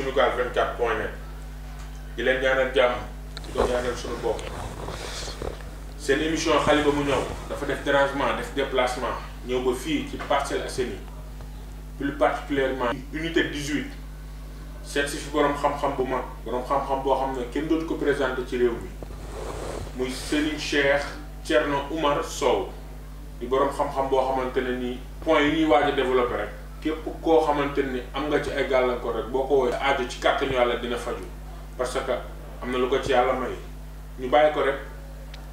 sunugal 24 point net di leen ñaanal jàmm di ko ñaanal sunu bopp seen émission xale ba mu ñëw dafa def dérangement def déplacement ñëw ba fii ci Parcelles Assainies plus particulièrement unité 18 seet si fi borom xam-xam bu mag borom xam-xam boo xam ne kenn dootu ko présenté ci réew mi muy Serigne Cheikh Thierno Oumar Sow di borom xam-xam boo xamante ne nii point yi ñuy waaj a développé rek. képp koo xamante ni am nga ci ay gàllankoor rek boo ko woowee aajo ci kàttanu yàlla dina faju parce que am na lu ko ci yàlla may ñu bàyyi ko rek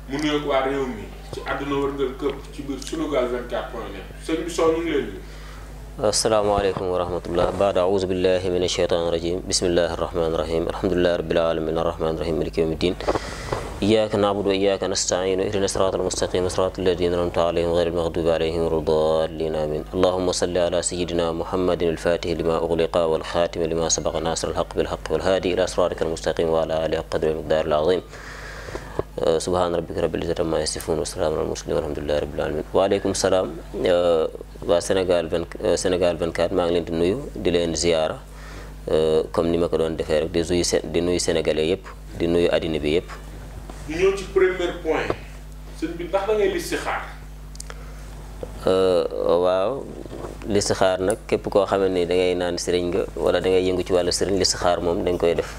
mu nuyoog waa réew mi ci àdduna wërngal këpp ci biir Sunugal 24 point net sëñ bi soo ñu ngi leen di. asalaamaaleykum wa rahmatullah baada auzu billahi min a rajim bismillahi rahmaani rahim alhamdulilahi rabbil alamin arrahmaani rahim maliki din إياك نعبد وإياك نستعين اهدنا الصراط المستقيم صراط الذين أنعمت عليهم غير المغضوب عليهم ولا الضالين آمين اللهم صل على سيدنا محمد الفاتح لما أغلق والخاتم لما سبق ناصر الحق بالحق والهادي إلى صراطك المستقيم وعلى آله قدر المقدار العظيم subhaan rabbika rabbil izzati amma yasifun wa salaamun alal mursalin walhamdulillahi rabbil alamin waaleykum salaam waa Sénégal 20 Sénégal 24 maa ngi leen di nuyu di leen ziyaara comme ni ma ko doon defee rek di nuyu di nuyu sénégalais yëpp di nuyu addina bi yëpp ñu ñëw ci premier euh, waaw listixaar nag képp koo xamante ni dangay ngay naan sëriñ nga wala dangay yëngu ci wàllu sëriñ listixaar moom dañ koy def.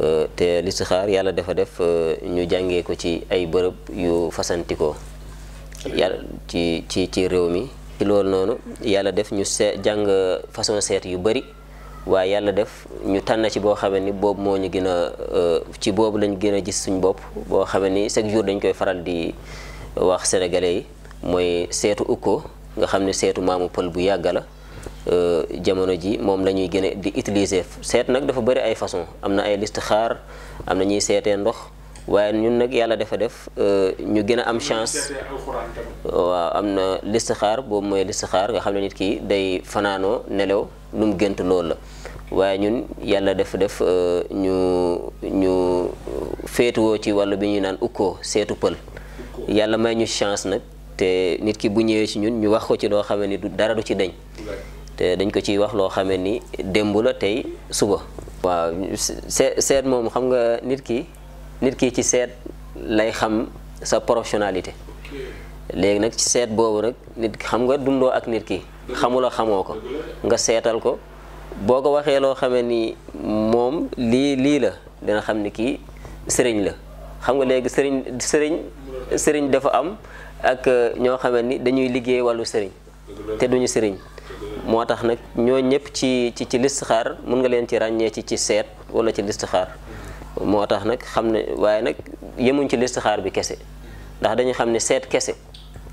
Euh, te listixaar yàlla dafa def euh, ñu jànge ko ci ay bërëb yu fasantikoo yàlla ci ci ci réew mi. ci noonu yàlla def ñu seet jàng façon seet yu bari waaye yàlla def ñu tànn ci boo xamee ni boobu moo ñu gën a euh, ci boobu lañ gën a gis suñ bopp boo xamee ni chaque jour dañ koy faral di wax sénégalais yi mooy seetu ukko nga xam ne seetu maamu pël bu yàgg la euh, jamono ji moom lañuy ñuy gën a di utiliser seet nag dafa bari ay façon am na ay list xaar am na ñuy seetee ndox waaye ñun nag yàlla dafa def euh, ñu gën a am chance waaw am na xaar boobu mooy listixaar nga xam ne nit ki day fanaanoo nelaw lu mu gént loolu la waaye ñun yàlla def def euh, ñu ñu féetuwoo ci wàllu bi ñuy naan ukkoo seetu pël yàlla may ñu chance nag te nit ki bu ñëwee ci ñun ñu wax ko ci loo xamee ni du dara du ci deñ te dañ ko ciy wax loo xamee ni démb la tey suba waaw seet moom xam nga nit ki nit ki ci seet lay xam sa professionnalité léegi nag ci seet boobu nag nit xam nga dundoo ak nit ki xamula xamoo ko nga seetal ko boo ko waxee loo xamee ni moom lii lii la dina xam ni kii sëriñ la xam nga léegi sëriñ sëriñ sëriñ dafa am ak euh, ñoo xamee ni dañuy liggéey wàllu sëriñ te duñu sëriñ moo tax nag ñoo ñëpp ci ci ci listixaar mun nga leen ci ràññee ci ci seet wala ci listixaar moo tax nag xam ne waaye nag yemuñ ci listixaar bi kese ndax dañu xam ne seet kese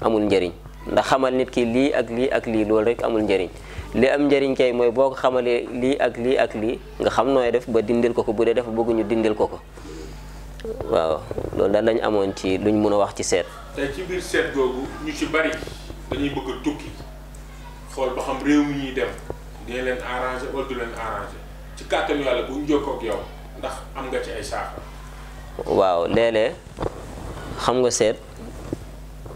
amul njëriñ ndax xamal nit ki lii ak lii ak lii loolu rek amul njëriñ li am njëriñ kay mooy boo ko xamalee lii ak lii ak lii nga xam nooy def ba dindil ko ko bu dee dafa bëgg ñu dindil ko ko waaw loolu daal lañ amoon ci luñ mën a wax ci seet. tey ci biir seet googu ñu ci bari dañuy bëgg tukki xool ba xam réew mi ñuy dem dina leen arrangé ñu jokkoo ak yow nga ci waaw léeg-léeg xam nga seet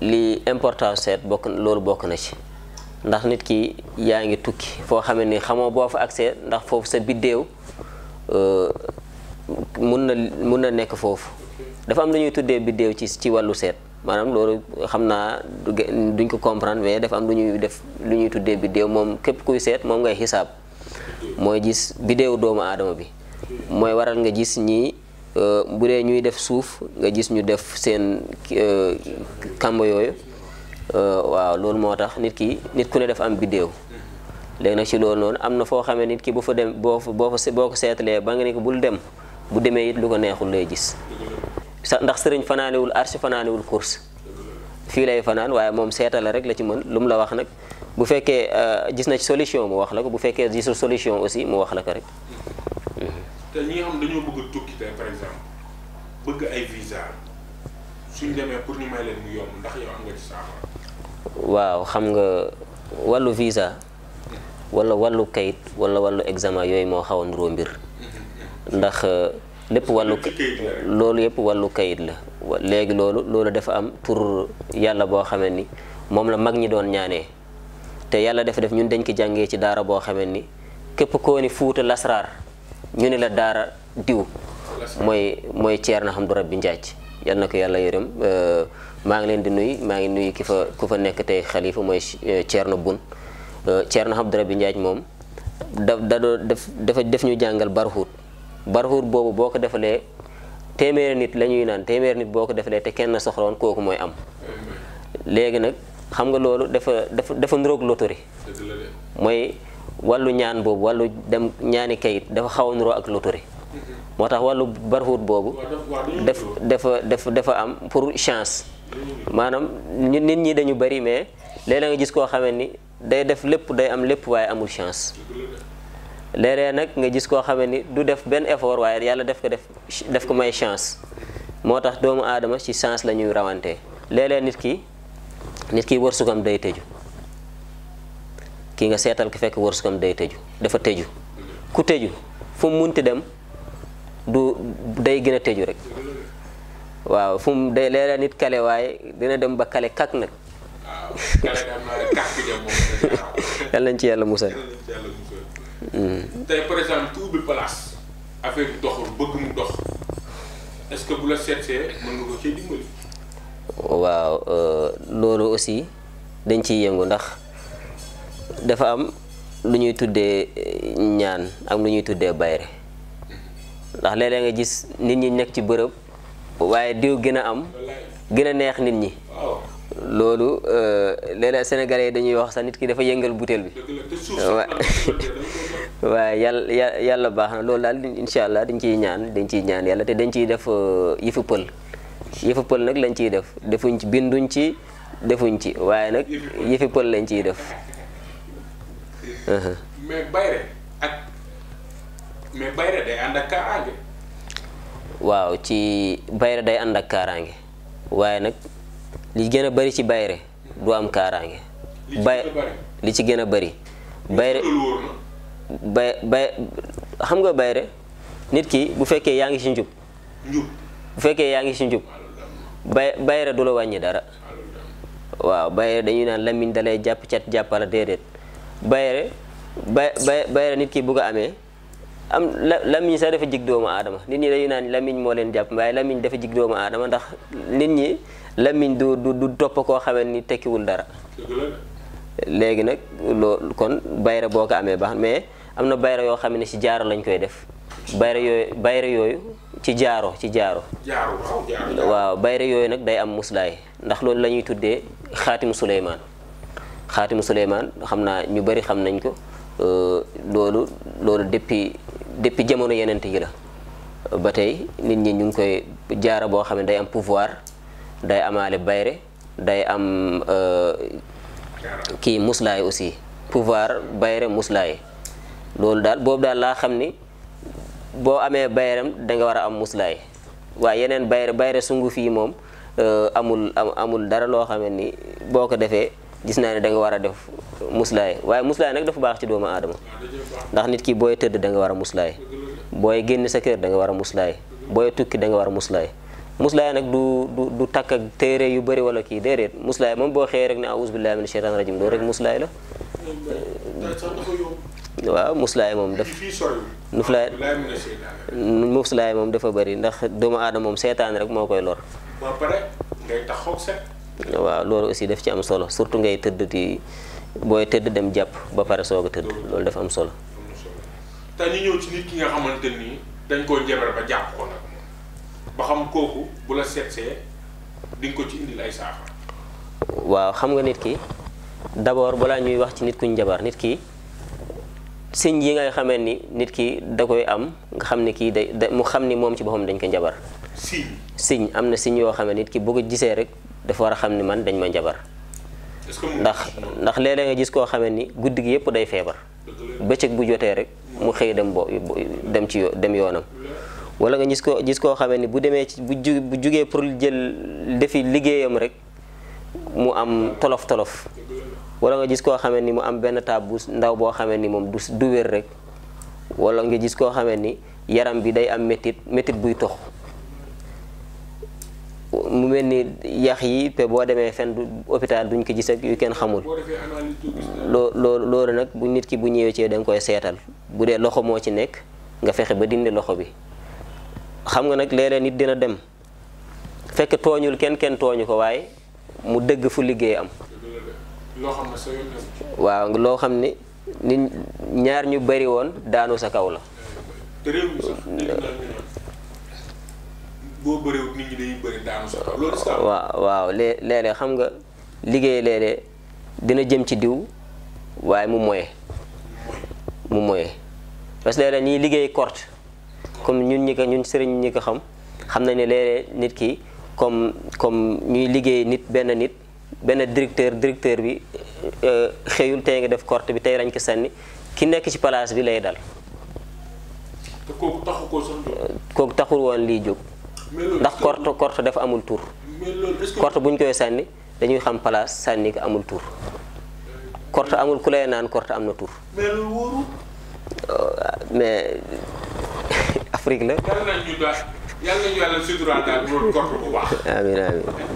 li important seet bokk loolu bokk na ci. ndax nit ki yaa ngi tukki foo xamee ni xamoo boo fa accès ndax foofu sa biddéew euh, mun na mun na nekk foofu dafa am lu ñuy tuddee biddéew ci ci wàllu seet maanaam loolu xam naa duñ ko comprendre mais dafa am lu ñuy def lu ñuy tuddee biddéew moom képp kuy seet moom ngay xisaab mooy gis biddéew doomu aadama bi mooy waral nga gis ñii euh, bu dee ñuy def suuf nga gis ñu def seen euh, kàmb yooyu Euh, waaw loolu moo tax nit ki nit ku ne def am biddéew léegi nag ci loolu noonu am na foo xamee nit ki bu fa dem boo fa boo fa boo ko seetalee ba nga ne ko bul dem bu demee it lu ko neexul lay gis ndax sëriñ fanaanewul arche fanaanewul course fii lay fanaan waaye moom seetale rek la ci mën lu mu la wax nag bu fekkee euh, gis na ci solution mu wax la ko bu fekkee gisul solution aussi mu wax la ko rek. waaw xam nga wallu visa wala wallu kayit wala wàllu examen yooyu moo xaw a nuroo mbir ndax euh, lépp wàllu loolu yëpp wàllu kayit la léegi loolu loolu dafa am pour yàlla boo xamee ni moom la mag ñi doon ñaanee te yàlla dafa def ñun dañ ko jàngee ci daara boo xamee ni képp koo ni fuuta lasraar ñu ne la daara diw mooy mooy ceer na xam du rab bi njaaj yal na ko yàlla yërëm euh, maa ngi leen di nuyu maa ngi nuyu ki fa ku fa nekk tey xalifa mooy eh, Thierno na eh, Thierno Abdou Rabi Ndiaye moom da da doo def dafa def ñu jàngal barxuut barxuut boobu boo ko defalee téeméeri nit la ñuy naan téeméeri nit boo ko defalee te kenn soxloon kooku mooy am léegi nag xam nga loolu dafa dafa dafa niroog mooy wàllu ñaan boobu wàllu dem ñaani kayit dafa xaw a niroo ak lotori moo tax wàllu barxuut boobu dafa am pour chance maanaam nit ñi dañu bari mais léeg nga gis koo xamee ni day def lépp day am lépp waaye amul chance léeg nag nga gis koo xamee ni du def benn effort waaye yàlla def ko def def ko may chance moo tax doomu aadama ci chance la ñuy rawante léeg nit ki nit ki wërsugam day tëju kii nga seetal ki fekk wërsugam day tëju dafa tëju ku tëju fu mu munti dem du day gën a tëju rek waaw fu mu nit kale dem ba kale nag. nañ ci yàlla musal. Hmm. tey euh, loolu aussi dañ ciy yëngu ndax dafa am lu ñuy tuddee eh, ñaan ak lu ñuy tuddee bayre ndax léeg nga gis nit ñi nekk ci bërëb. waaye diw gën a am gën a neex nit ñi loolu euh, léeg-léeg sénégalais yi dañuy wax sax nit ki dafa yëngal butéel bi waaye yàlla yàlla baax na loolu daal incha allah dañ ciy ñaan dañ ciy ñaan yàlla te dañ ciy def euh, yëfu pël yëfu pël nag lañ ciy def defuñ ci binduñ ci defuñ ci waaye nag yëfi pël lañ ciy def waaw ci bayre day ànd ak kaaraange waaye nag li gën a bari ci bayre du am kaaraange. bay li ci gën a bari bayre xam nga bayre nit ki bu fekkee yaa ngi ci njub bu fekkee yaa ngi ci njub bay bayre du la wàññi dara waaw bayre dañuy naan lamiñ dalay jàpp cat jàppala déedéet bayre bay bayre nit ki bu ko amee am lamiñ sax dafa jig doomu aadama nit ñi dañu naan lamiñ moo leen jàpp waaye lamiñ dafa jig doomu aadama ndax nit ñi lamiñ du du topp koo xamee ni tekkiwul dara léegi nag loolu kon bayre boo ko amee baax mais am na bayre yoo xam ne ci jaaro lañ koy def bayra yooyu bayra yooyu ci jaaro ci jaaro waaw bayra yooyu nag day am muslaay ndax loolu la ñuy tuddee xaatimu suleymaan xaatimu suleymaan xam naa ñu bari xam nañ ko euh, loolu loolu depuis depuis jamono yeneen yi la ba tey nit ñi ñu ngi koy jaara boo xam ne day am pouvoir day amaale bayre day am euh, kii muslaay aussi pouvoir bayre muslaay loolu daal boobu daal laa xam ni boo amee bayram danga war a am muslaay waaye yeneen bayre bayre sungu fii moom euh, amul amul dara loo xam ni boo ko defee gis naa ne da nga war a def mus muslaay waaye muslaay nag dafa baax ci doomu aadama ndax nit ki booy tëdd danga war a muslaay booy génn sa kër da nga war a muslaay booy tukki da nga war a muslaay muslaay nag du du du takk téere yu bëri wala kii déedéet muslaay moom boo xëyee rek ne awus billahi min shaytan rajim loolu rek muslaay la waaw muslaay moom daf muslaay moom dafa bari ndax doomu aadama moom seetaan rek moo koy lor waaw loolu aussi daf ci am solo surtout ngay tëdd di booy tëdd dem jàpp ba pare soog a tëdd loolu dafa am solo. te ñu ñëw ci nit ki nga xamante ni dañ koo njabar ba xam kooku nga xam nga nit ki d'abord balaa ñuy wax ci nit ku njabar nit ki siñ yi ngay xamee ni nit ki da koy am nga xam ne kii day mu xam ni moom ci boppam dañ ko njabar. siñ siñ am na siñ yoo xam ne nit ki bu ko gisee rek. dafa war a xam ni man dañ ma jabar ndax ndax léeg nga gis koo xamee ni guddi gi yëpp day feebar bëccëg bu jotee rek mu xëy dem bo dem ci dem yoonam wala nga gis ko gis koo xamee ni bu demee ci bu bu jugee pour jël defi liggéeyam rek mu am tolof tolof wala nga gis koo xamee ni mu am benn taab ndaw boo xamee ni moom du du wér rek wala nga gis koo xamee ni yaram bi day am métit métit buy tox mu mel ni yax yi te boo demee fenn du hôpital duñ ko gis ak yu kenn xamul loo loolu nag bu nit ki bu ñëwee ci da koy seetal bu dee loxo moo ci nekk nga fexe ba dindi loxo bi xam nga nag léeg-léeg nit dina dem fekk tooñul kenn kenn tooñu ko waaye mu dëgg fu liggéey am waaw loo xam ni nit ñaar ñu bari woon daanu sa kaw la boo waaw waaw léeg-léeg xam nga liggéey léeg-léeg dina jëm ci diw waaye mu moye mu moye parce que léeg-léeg ñuy liggéey corte comme ñun ñi ko ñun sëriñ ñi ko xam xam nañ ne léeg-léeg nit ki comme comme ñuy liggéey nit benn nit benn directeur directeur bi euh, xëyul tey nga def corte bi tey rañ ko senni ki nekk ci place bi lay dal. kooku taxul woon liy jóg. ndax korte korte dafa amul tur korte bu ñu koy sànni dañuy xam place sànni ko amul tur korte amul ku lay naan korte am na tur mais euh, Afrique la yàlla nañu yàlla suturaal daal loolu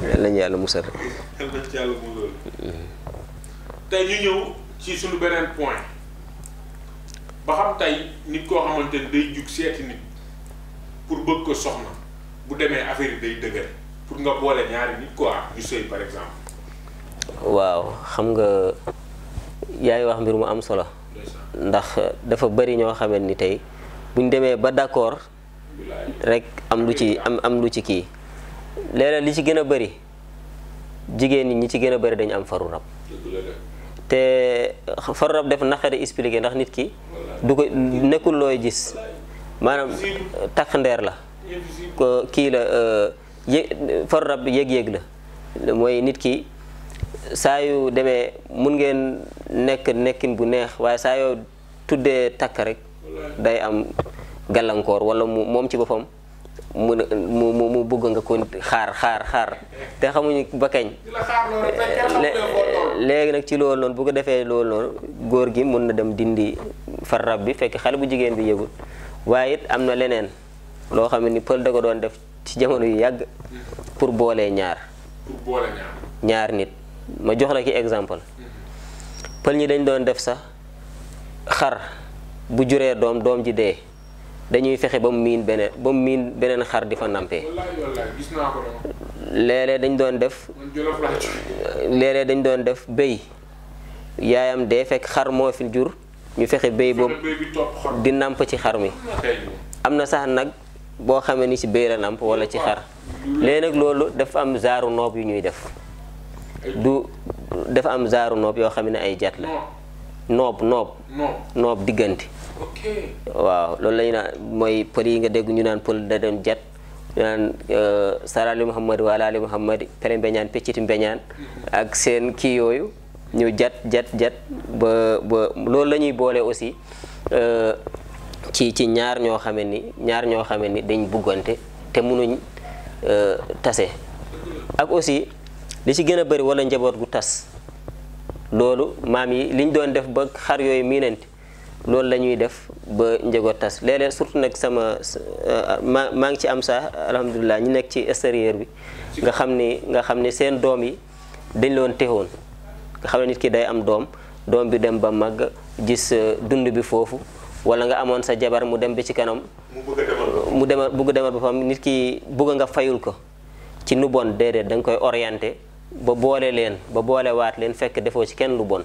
yàlla nañu mm-hmm. ko soxna waaw xam nga yaay wax mbir mu am solo. ndax dafa bari ñoo xamante ni tey buñ demee ba d'accord rek am lu ci am am lu ci kii léeg li ci gën a bari jigéen ñi ñi ci gën a bari dañu am faru rab te faru def naqari expliqué ndax nit ki du ko nekkul looy gis maanaam takk ndeer la kii la euh, yé for rab yëg-yëg la mooy nit ki saa yu demee mun ngeen nekk nekkin bu neex waaye saa yoo tuddee takk rek day am gàllankoor wala mu moom ci boppam mu mu mu bëgg nga ko xaar xaar xaar te xamuñu ba kañ. léegi nag ci lool noonu bu defee loolu noonu góor gi mun na dem dindi far rab bi fekk xale bu jigéen bi yëgul waaye it am na leneen. loo xam ni pël da ko doon def ci jamono yu yàgg pour boole ñaar ñaar nit ma jox la ki exemple pël ñi dañ doon def sax xar bu juree doom doom ji dee dañuy fexe ba mu miin beneen miin beneen xar di fa nampee léeg dañ doon def léeg dañ doon def béy yaayam dee fekk xar moo fi jur ñu fexe béy boobu di nàmp ci xar mi am na sax nag boo xamee ni si béy la walla ci xar léegi nag loolu dafa am zaaru noob yu ñuy def du dafa am zaaru noob yoo xam ne ay jat la noob noob noob diggante waaw loolu la ñu mooy pël yi nga dégg ñu naan pël da doon jat ñu naan euh, sarali muhammad wala ali muhammad pere mbeñaan pecciti mbeñaan ak seen kii yooyu ñu jat jat jat ba la ñuy boole aussi euh, ci ci ñaar ñoo xamee ni ñaar ñoo xamee ni dañ buggante te mënuñ euh, tase ak aussi li ci gën a bëri wala njaboot gu tas loolu maam yi liñ doon def ba xar yooyu miinante loolu la ñuy def ba njaboot tas léeg-léeg surtout nag sama euh, ma maa ngi ci am sax alhamdulilah ñu nekk ci extérieur bi nga xam ni nga xam ni seen doom yi dañ loon texoon nga xam ne nit ki day am doom doom bi dem ba màgg gis euh, dund bi foofu wala nga amoon sa jabar mu dem ba ci kanam mu demal bugg demal boppam nit ki bugg nga fayul ko ci nu bon déedéet danga koy orienté ba boole leen ba boole waat leen fekk defoo ci kenn lu bon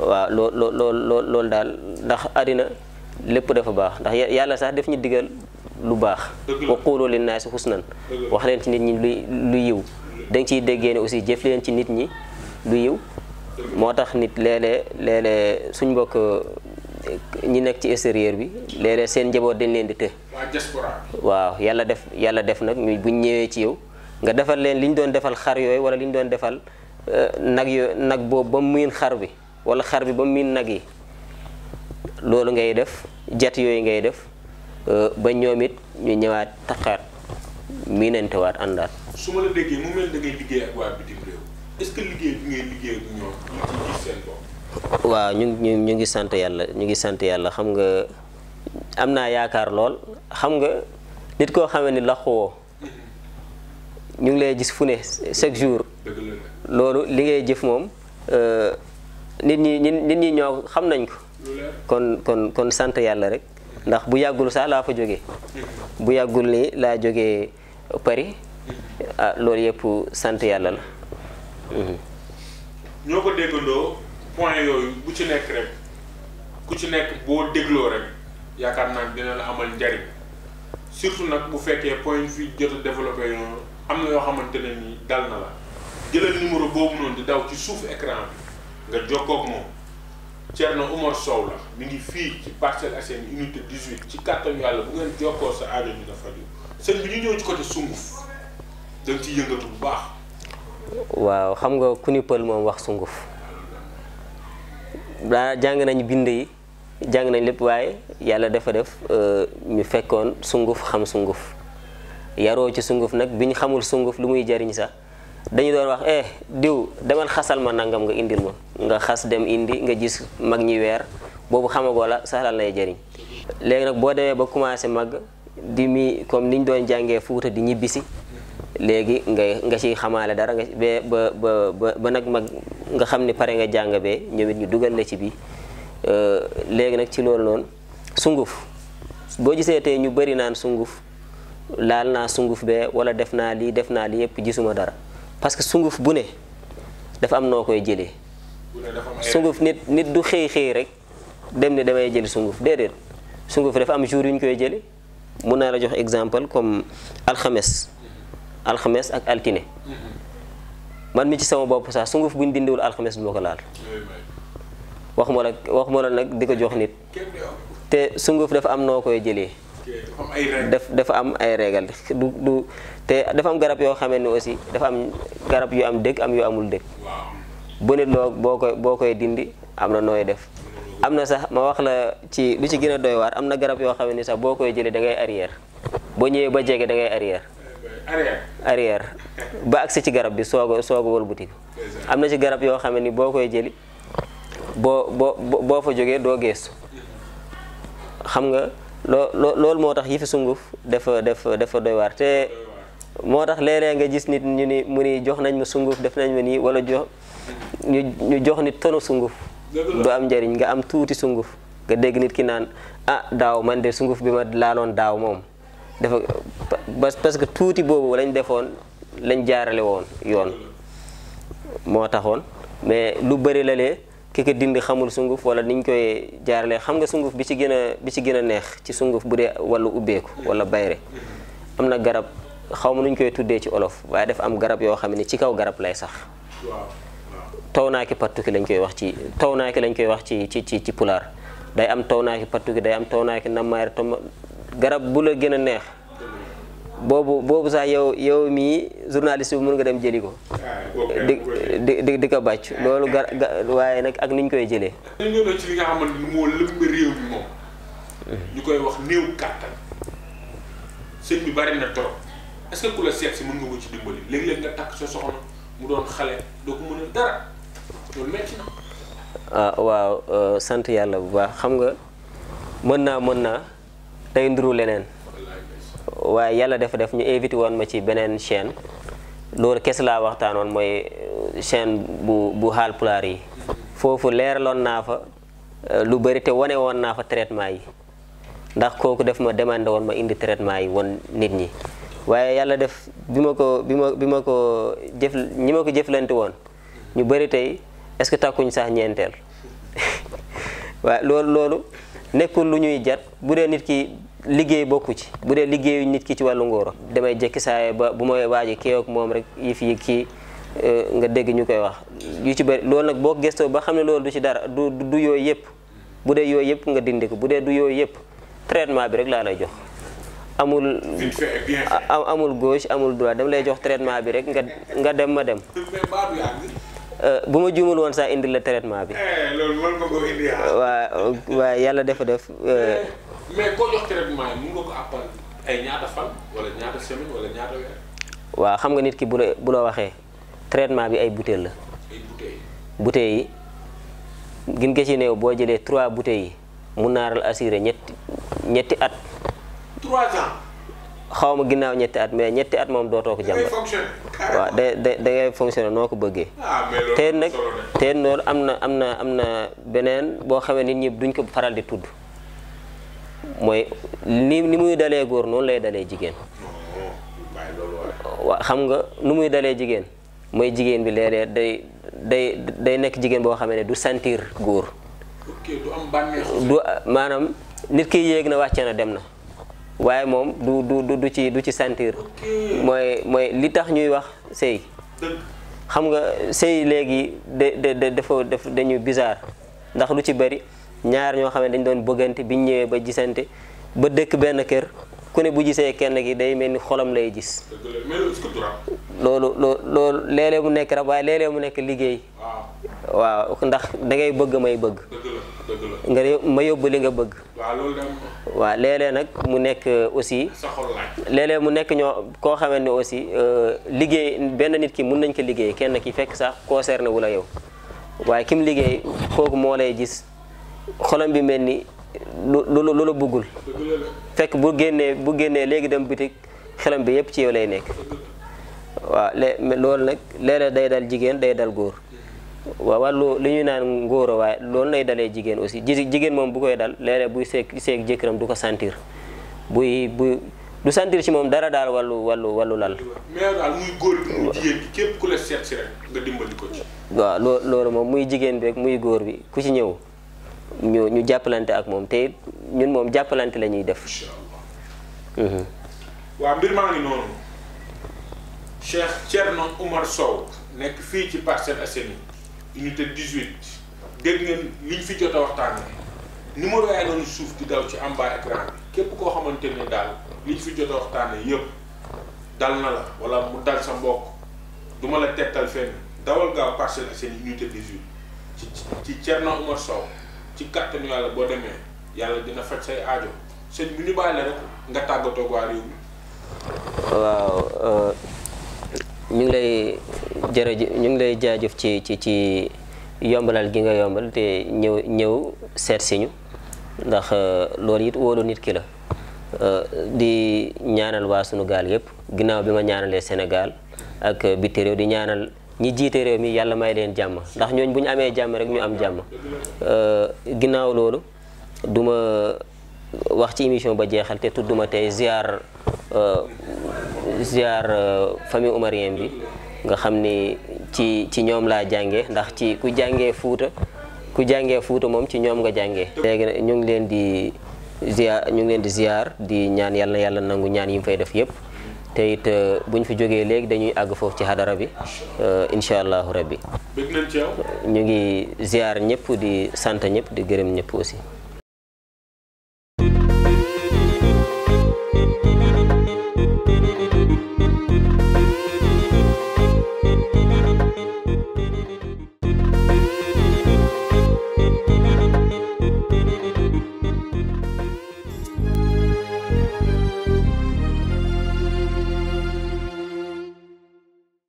waaw loo loo loolu daal ndax àddina lépp dafa baax ndax yàlla saa def ñu digal lu baax wa quulu linnaasi husnan wax leen ci nit ñi lu lu yiw da ciy déggee ne aussi jëf leen ci nit ñi lu yiw moo tax nit léeg-léeg suñ mbokk ñu nekk ci extérieur bi léeg seen njaboot dañ leen di të. waaw yàlla def yàlla def nag ñu buñ ñëwee ci yow nga defal leen li ñu doon defal xar yooyu wala li ñu doon defal euh, nag yo nag boobu ba mu miin xar bi wala xar bi ba mu miin nag yi loolu ngay def jat yooyu ngay def euh, ba ñoom it ñu ñëwaat taxaat miinantewaat àndaat. waaw ñu ngi ñu ngi sant yàlla ñu ngi sant yàlla xam nga am naa yaakaar lool xam nga nit koo xamee ni laxuwoo ñu ngi lay gis fu ne chaque jour loolu li ngay jëf moom euh, nit ñi nit ñi ñoo xam nañ ko kon kon kon sant yàlla rek ndax bu yàggul sax laa fa jógee bu yàggul nii laa jóge Paris ah loolu yëpp sant yàlla la point yooyu bu ci nekk rek ku ci nekk boo dégloo rek yaakaar naa dina la amal njariñ surtout nag bu fekkee point fii fi jot a développé noonu am na yoo xamante ne ni dal na la jëlal numéro boobu noonu di daw ci suuf écran bi nga jokkoo ak moom Thierno Oumar Sow la mi fii ci Parcelles Assainies unité 18 ci kàttan yàlla bu ngeen jokkoo sa aajo ñu dafa faju sëñ bi ñu ñëw ci côté sunguf da ci ciy yëngatu bu baax waaw xam nga ku ni pël moom wax sunguf daa jàng nañ bind yi jàng nañ lépp waaye yàlla dafa def euh, ñu fekkoon sunguf xam sunguf yaroo ci sunguf nag bi ñu xamul sunguf lu muy jariñ sax dañu doon wax eh diw demal xasal ma nangam nga indil ma nga xas dem indi nga gis mag ñi weer boobu xamagoo la sax lan lay jariñ léegi nag boo demee ba commencé mag di mi comme niñ doon jàngee fuuta di ñibbisi léegi ngay nga ciy xamaale dara nga ba ba ba ba nag mag nga xam ni pare nga jàng bee ñoom it ñu dugal la ci bi euh, léegi nag ci loolu noonu sunguf boo gisee te ñu bëri naan sunguf laal naa sunguf be wala def naa lii def naa lii yëpp gisuma dara parce que sunguf bu ne dafa am noo koy jëlee sunguf nit nit du xëy xëy rek dem ne damay jël sunguf déedéet sunguf dafa am jour yu ñu koy jële mun naa la jox exemple comme alxames alxames ak altine mm-hmm. man mi ci sama bopp sax sunguf buñ dindiwul alxames du ma ko laal wax ma la wax la nag di ko jox nit te sunguf dafa am noo koy jëlee dafa am ay régal du du te dafa am garab yoo xamee ni aussi dafa am garab yu am dëkk am yu amul dëkk bu nit loo boo koy boo koy dindi am na nooy def am na sax ma wax la ci lu ci gën a doy waar am na garab yoo xam ne sax boo koy jëlee da ngay arrière boo ñëwee ba jege da ngay arrière arrière ba agsi ci garab bi soog a soog a wëlbati am na ci garab yoo xam ni boo koy jëli boo boo boo fa jógee doo geestu xam nga loo loo moo tax yi fi sunguf dafa dafa dafa doy waar te moo tax léeg-léeg nga gis nit ñu ni mu ni jox nañ ma sunguf def nañ ma nii wala jox ñu ñu jox nit tonu sunguf du am njariñ nga am tuuti sunguf nga dégg nit ki naan ah daaw man de sunguf bi ma laaloon daaw moom dafa parce que tuuti boobu lañ defoon lañ jaarale woon yoon moo taxoon mais lu bëri la lee ki ko dindi xamul sunguf wala niñ koy jaaralee xam nga sunguf bi ci gën a bi ci gën a neex ci sunguf bu dee wala ubbeeku wala bayre am na garab xaw ma nuñ koy tuddee ci olof waaye def am garab yoo xam ne ci kaw garab lay sax taw naa ki pattuki lañ koy wax ci taw naa lañ koy wax ci ci ci ci pulaar day am taw naa day am taw naa ki garab bu la gën a neex boobu boobu sax yow yow mii journaliste bi mun nga dem jëli ko. di di di ko bàcc. loolu gar waaye nag ak ni koy jëlee. dañu ñëw ci koy wax néew kàttan. sëñ bi bari na trop est ah, waaw euh, sant yàlla bu baax xam nga mën naa mën naa. day nduru leneen waaye yàlla dafa def ñu invité woon ma ci beneen chaîne loolu kes laa waxtaanoon mooy euh, chaîne bu bu Haalpulaar yi foofu leeraloon naa fa euh, lu bëri te wane woon naa fa traitement yi ndax kooku def ma demandé woon ma indi traitement yi woon nit ñi waaye yàlla def bi ma ko bi ma bi ma ko jëf ñi ma jëflante woon ñu bëri tey est-ce que takkuñ sax ñeenteel waaw loolu loolu nekkul lu ñuy jar bu dee nit ki liggéey bokku ci bu dee liggéeyu nit ki ci wàllu ngóoro damay jekki saaye ba bu may waaji kii ak moom rek yëf fii kii euh, nga dégg ñu koy wax yu ci bëri loolu nag boo gëstoo ba xam ne loolu du ci dara du du yooyu yëpp bu dee yooyu yëpp nga dindi ko bu dee du yooyu yëpp traitement bi rek laa lay jox amul amul goos amul droite dama lay jox traitement bi rek nga nga dem ma dem Euh, bu ma juumul woon saa indil la traitement bi. Eh, loolu ah. waaw yàlla dafa def. Euh, eh, mais xam nga nit ki bu la bu la waxee traitement bi ay bouteille la. ay yi gin nga ci néew boo jëlee troit bouteilles yi mu naaral assuré ñetti ñetti at. xaw ma ginnaaw ñetti at mais ñetti at moom dootoo ko jàmbat waaw da da da ngay noo ko bëggee ah, te nag te loolu am na am na am na beneen boo xamee nit ñi duñ ko faral di tudd mooy ni ni muy dalee góor noonu lay dalee jigéen oh, waaw xam nga nu muy dalee jigéen mooy jigéen bi léeg-léeg day day day nekk jigéen boo xamee ne du sentir góor du maanaam nit ki yéeg na wàcce na dem na waaye moom du du du ci du ci sentir mooy mooy li tax ñuy wax sëy xam nga sëy léegi de dafa def dañuy bizarre ndax lu ci bari ñaar ñoo xam ne dañ doon bëggante bi biñ ñëwee ba gisante ba dëkk benn kër ku ne bu jisee kenn gi day mel ni xolam lay gis loolu loo loolu léeg mu nekk rab waaye léeg mu nekk liggéey waaw ndax dangay ngay bëgg may bëgg nga ma yóbbu li nga bëgg. waaw léeg nag mu nekk euh, aussi. léeg mu nekk ñoo koo xamante ne aussi euh, liggéey benn nit ki mun nañ ko liggéey kenn ki fekk sax concerné wu la yow waaye ki liggéey kooku moo lay gis xolam bi mel ni lu lu lu la bëggul. fekk bu génnee bu génnee léegi dem bitik xelam bi yëpp ci yow lay nekk. waaw lé loolu nag léeg day dal jigéen day dal góor. waaw wàllu lu ñuy naan ngóoro waaye loolu lay dalee jigéen aussi jigéen moom bu koy dal léeg-léeg buy seeg seek jëkkëram du ko sentir buy buy du sentir ci moom dara daal wàllu wallu wàllu lal. mais muy jigéen bi moom muy jigéen bi muy góor bi ku ci ñëw ñu ñu jàppalante ak moom te ñun moom jàppalante la ñuy def. incha mhm. unité 18 dégg ngeen li ñu fi jot a waxtaanee numéro yaa doon suuf di daw ci en bas écran bi képp koo xamante ne daal li ñu fi jot a waxtaanee yëpp dal na la wala mu dal sa mbokk du ma la tettal fenn dawal gaaw Parcelles Assainies unité 18 ci ci Thierno Oumar Sow ci kàttanu yàlla boo demee yàlla dina faj say aajo sëñ bi ñu bàyyi la rek nga tàggatoo ak waa réew waaw. Euh, ñu ngi lay jërëjëf ñu ngi lay jaajëf ci ci ci yombalal gi nga yombal te ñëw ñëw seet si ñu ndax euh, loolu it wóolu nit ki la euh, di ñaanal waa sunu gaal yëpp ginnaaw bi ma ñaanalee Sénégal ak bitti réew di ñaanal ñi jiite réew mi yàlla may leen jàmm ndax ñooñ bu ñu amee jàmm rek ñu am jàmm euh, ginnaaw loolu duma wax ci émission ba jeexal te tudduma tey ziar ziar euh, famille Omarien bi nga xam ni ci ci ñoom laa jànge ndax ci ku jàngee Fuuta ku jàngee Fuuta moom ci ñoom nga jàngee. léegi ñu ngi leen di ziar ñu ngi leen di ziar di ñaan yàlla yàlla nangu ñaan yi fay def yëpp te it euh, bu ñu fi jógee léegi dañuy àgg foofu ci hadara bi euh, incha allahu rabbi. ñu ngi ziar ñëpp di sant ñëpp di gërëm ñëpp aussi.